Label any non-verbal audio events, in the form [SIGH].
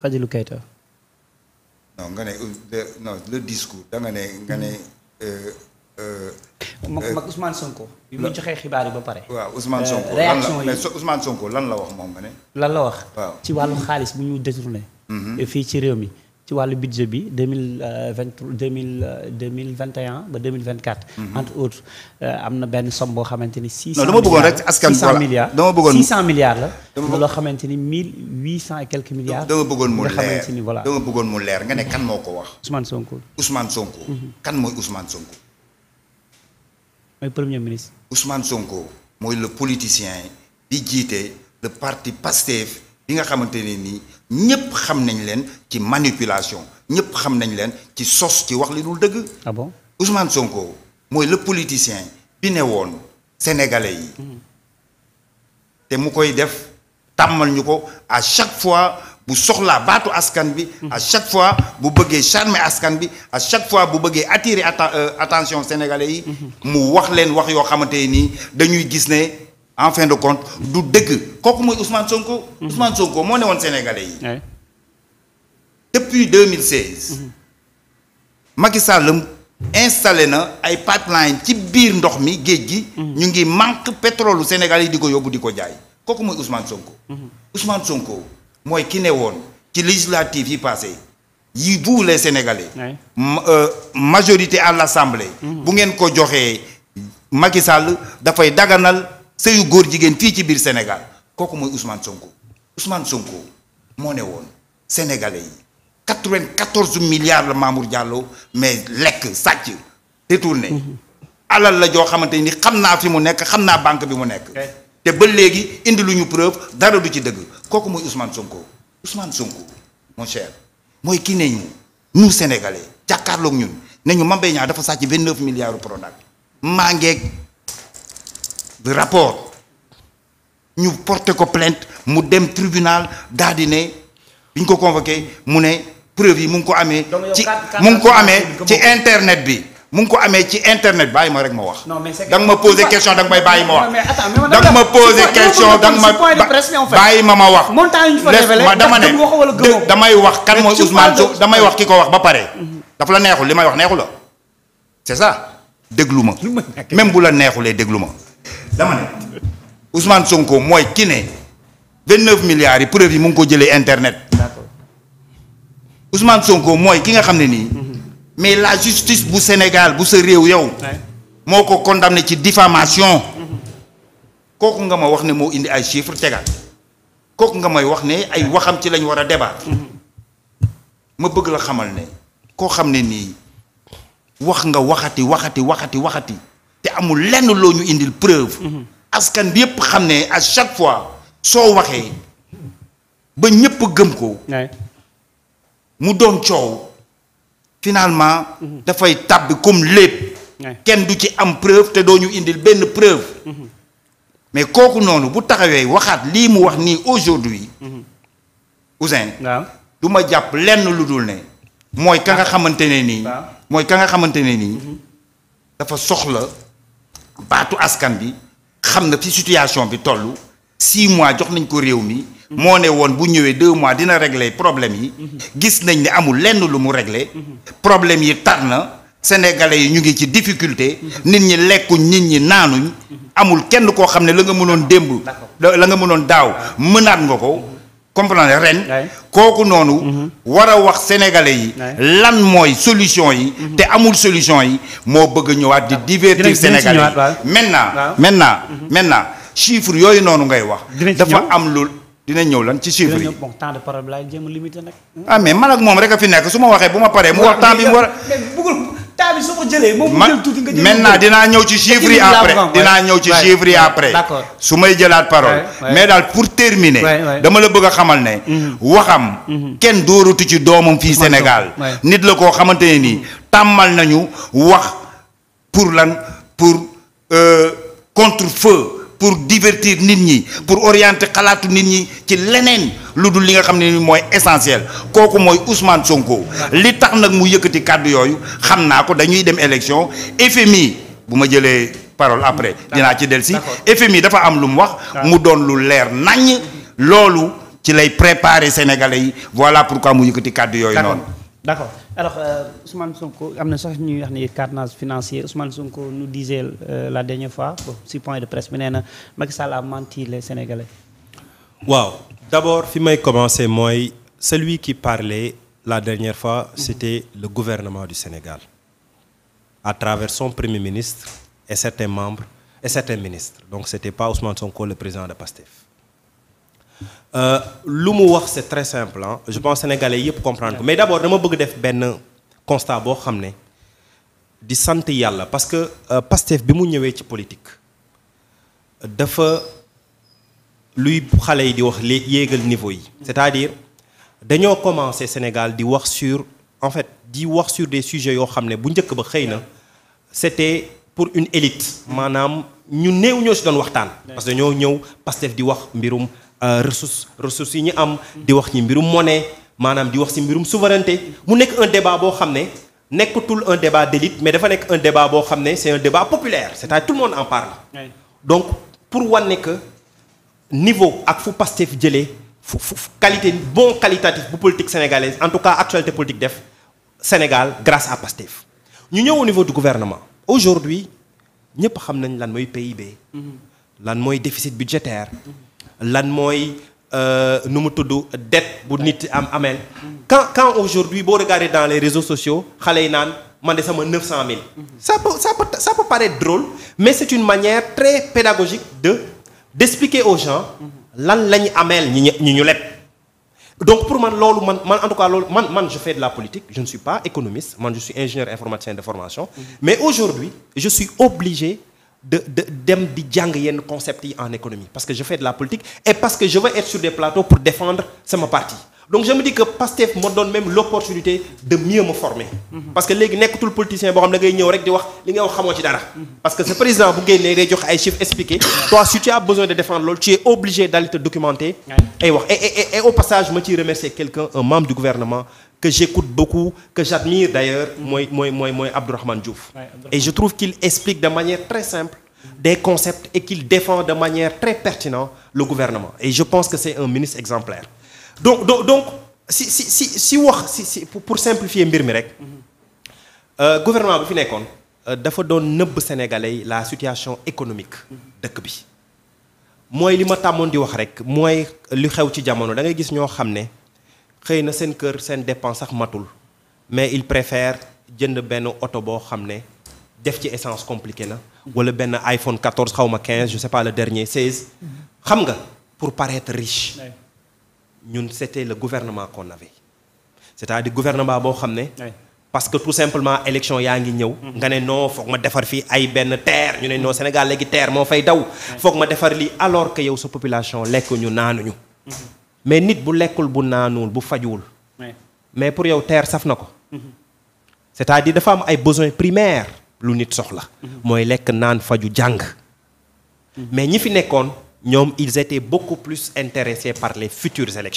Fadilou Keita non nga ne euh, non le discours nga ne nga ne. Euh, euh, mag Ousmane Sonko. bi mu joxee xibaar yi ba pare. waaw Ousmane Sonko lan la wax moom nga ne. lan la wax. ci wàllu xaalis bu ñu détourné. Mm-hmm. fii ci réew mi. ci wàllu budget bi deux mille euh, vingt deux mille euh, mille vingt et ba deux mille vingt quatre. Mhm. entre autres euh, am na benn somme boo xamante ni. six cent dama bëggoon rek askan voilà milliards six cent milliards la. dama loo xamante ni mille huit cent et quelques milliards. dama bëggoon mu leer nga xamante ni voilà. dama bëggoon mu leer nga ne kan moo ko wax. Ousmane Sonko. Ousmane Sonko. Mhm. kan mooy Ousmane Sonko. mooy premier ministre. Ousmane Sonko mooy le politicien bi jiite le parti Pastef. yi nga xamante ne nii ñëpp xam nañ leen ci manipulation ñëpp xam nañ leen ci sos ci wax li dul dëgg. ah bon Sonko mooy le politicien bi ne woon sénégalais yi. Mm. te mu koy def tàmmal ñu ko à chaque fois bu soxlaa baatu askan bi. Mm. à chaque fois bu bëggee charmer askan bi à chaque fois bu bëggee attirer euh, attention sénégalais yi. Mm-hmm. mu wax leen wax yoo xamante nii dañuy gis ne. en fin de compte du dëgg kooku mooy Ousmane Sonko. Mhm. Ousmane Sonko moo ne woon Sénégalais mhm. installé na ay pipeline ci biir ndox mi géej gi. Mhm. ñu ngi manque pétrole Sénégal yi di ko yóbbu di ko jaay kooku mooy Ousmane Sonko. mooy ki ne woon ci législative yi passé yi vous les euh, majorité à l'Assemblée. bu ngeen ko joxee Macky Sall dafay daganal. sëyu góor jigéen fii ci biir Sénégal kooku mooy Ousmane Sonko Ousmane Sonko moo ne woon sénégalais yi 94 milliards la Mamour Diallo mais lekk sàcc détourné alal la joo xamante ni xam naa fi mu nekk xam naa banque bi mu nekk te ba léegi indi lu ñu preuve dara du ci dëgg kooku mooy Ousmane Sonko Ousmane Sonko mon cher mooy kii ne ñu nous sénégalais jàkkaarloog ñun ne ñu Mame Mbaye dafa sàcc vingt milliards Prodac maa ngeeg de rapport ñu porté ko plainte mu dem tribunal daal ne bi ñu ko convoqué mu ne preuve mu ngi ko amee. ci mu ngi ko amee ci internet bi. mu ngi ko amee ci internet bàyyi ma rek ma wax. non mais c'est ma posé question da may bàyyi ma wax. da ma posé question da nga ma bàyyi ma ma wax. ma dama ne damay wax kan mooy Ousmane Sonko damay wax ki ko wax ba pare. Mhm. daf la neexul li may wax neexu la c'est ça déglu ma [LAUGHS] même bu la neexulee déglu ma. dama ne Ousmane Sonko mooy ki ne 29 milliards yi preuve yi mu ngi ko jëlee internet. d'accord Sonko mooy ki nga xam ne nii. Mhm. mais la justice bu Sénégal bu sa réew yow. moo ko condamné ci diffamation mhm. kooku nga ma wax ne moo indi ay chiffres tegal kooku nga may wax ne ay waxam ci lañ war a débat mhm. ma bëgg la xamal ne koo xam ne nii wax nga waxati waxati waxati waxati te amul lenn loo ñu indil preuve. Mhm. askan bi yëpp xam ne à chaque fois soo waxee ba ñépp gëm ko. mu doon coow. finalement. Mhm. dafay tàbbi comme lépp. kenn du ci am preuve te doo ñu indil benn preuve. Mhm. mais kooku noonu bu taxawee waxaat lii mu wax nii aujourd'hui Ouzin du ma jàpp lenn lu dul ne. mooy ka nga ah. xamante ne nii. mooy ka nga xamante ne nii. dafa soxla. baatu askan bi xam na fi situation bi toll six mois jox nañ ko réew mi moo ne woon bu ñëwee deux mois dina régler problème yi gis nañ ne amul lenn lu mu regle problème yi tar na sénégalais yi ñu ngi ci difficulté nit ñi lekkuñ nit ñi naanuñ amul kenn koo xam ne la nga mënoon démb la nga mënoon daaw mënaat nga ko comprendre ren. kooku noonu. Mhm. war a wax sénégalais yi. lan mooy solution yi. Mhm. te amul solution yi moo bëgg a ñëwaat di ah, divertir sénégalais yi maintenant maintenant mhm. maintenant chiffre yooyu noonu ngay wax. dafa am lu. dina ñëw lan ci chiffre yi bon temps de parole laay jéem a ah, man ak moom rek a fi nekk su ma waxee bu ma paree. mu wax temps bi mu war temps bi soo ko jëlee. moom mu maintenant dinaa ñëw ci chiffres yi après dinaa ñëw ci chiffres yi après. d'accord su may jëlaat parole. mais daal pour terminer. dama la bëgg xamal ne. Mhm. waxam. Mhm. kenn dooratu ci doomam fii Sénégal. nit la koo xamante ne nii mhm. tàmmal nañu wax pour lan pour euh, contre feu pour divertir nit ñi pour orienter xalaatu nit ñi ci leneen. lu dul li nga xam ne ni mooy essentiel kooku mooy Ousmane Sonko li tax nag mu yëkkati kàddu yooyu xam naa ko dañuy dem élection FMI bu ma jëlee parole après dinaa ci dellu si FMI dafa am lu mu wax mu doon lu leer nañ loolu ci lay préparer sénégalais yi voilà pourquoi mu yëkkati kàddu yooyu noonu d'accord alors euh, Ousmane Sonko am na sax ñuy wax ni carnage financier Ousmane Sonko nu disait euh, la dernière fois bon, si point de presse bi nee na Macky Sall a menti les Sénégalais waaw d'abord fi may commencer mooy celui qui parlait la dernière fois mhm. c'était le gouvernement du Sénégal à travers son premier ministre et certains membres et certains ministres donc c'était pas Ousmane Sonko le président de PASTEF euh, lu mu wax c'est très simple hein je pense sénégalais yëpp comprendre ko mais d'abord dama bëgg def benn constat boo xam ne di sant yàlla parce que euh, PASTEF bi mu ñëwee ci politique dafa luy xale yi di wax lé yéegal niveau yi c'est-à-dire dañoo commencé Sénégal di wax sur en fait di wax sur des sujets yoo xam ne bu njëkk ba xëy na c'était pour une élite maanaam ñu néew ñoo si doon waxtaan parce que dañoo ñëw Pastef di wax mbirum euh, ressources ressources yi ñu am di wax ci mbirum monnaie maanaam di wax si mbirum souveraineté mu nekk un débat boo xam ne nekkatul un débat d'élite mais dafa nekk un débat boo xam ne c'est un débat populaire c'est-à-dire tout en parle niveau ak fu Pastef jëlee fu fu qualité bon qualitatif bu politique sénégalaise en tout cas actualité politique def Sénégal grâce à Pastef ñu ñëw niveau du gouvernement aujourd'hui ñëpp xam nañ lan mooy PIB mm-hmm. lan mooy déficit budgétaire lan mooy euh, nu mu tudd dette bu nit am ameel mm-hmm. quand quand aujourd'hui boo regardez dans les réseaux sociaux xale yi naan man de sama 900000 cent mm-hmm. peut ça peut ça peut paraître drôle mais c'est une manière très pédagogique de d'expliquer aux gens lan lañ ameel ñi ñu ñu leb donc pour man loolu man man en tout cas loolu man man je fais de la politique je ne suis pas économiste man je suis ingénieur informaticien de formation mm-hmm. mais aujourd'hui je suis obligé de de dem di jàng yenn concepts yi en économie parce que je fais de la politique et parce que je veux être sur des plateaux pour défendre sama parti donc je me dis que Pastef moo doon même l'opportunité de mieux me former. parce que léegi nekkatul politicien boo xam da ngay ñëw rek di wax li nga wax xamoo ci dara. parce que ce président bu génnee day jox ay chiffres expliqués. toi si tu as besoin de défendre loolu tu es obligé d'aller te documenter. ay wax et au passage ma ciy remercier quelqu'un un membre du gouvernement. que j'écoute beaucoup que j'admire d'ailleurs mm-hmm. mooy mooy mooy mooy Abdourahmane Diouf et je trouve qu'il explique de manière très simple des concepts et de manière très pertinente le gouvernement et je pense un ministre exemplaire donc donc donc si si si wax si si pour mbir mi rek euh, gouvernement bi fi nekkoon euh, dafa doon nëbb sénégalais la situation économique dëkk bi mooy li ma tàmmoon di wax rek mooy lu xew ci jamono da ngay gis ñoo xam ne xëy na seen kër seen dépense sax matul mais il préfère jënd benn oto boo xam ne def ci essence compliqué na wala benn iPhone 14 xaw ma 15 je sais pas le dernier 16 xam nga pour paraître riche. ñun c'était le gouvernement qu'on avait cest a dire gouvernement boo xam ne. parce que tout simplement élection yaa ngi ñëw. Mhm. nga ne noo foog ma defar fi ay benn terre ñu ne noo Sénégal léegi terre moo fay daw. foog ma defar lii alors que yow sa population lekk ñu naanuñu. Mhm. mais nit bu lekkul bu naanul bu fajuwul. mais pour yow terre saf na ko. Mhm. c'est-à-dire dafa am ay besoins primaires lu nit soxla. mooy lekk naan faju jàng. mais ñi fi nekkoon ñoom ils étaient beaucoup par les futures élections.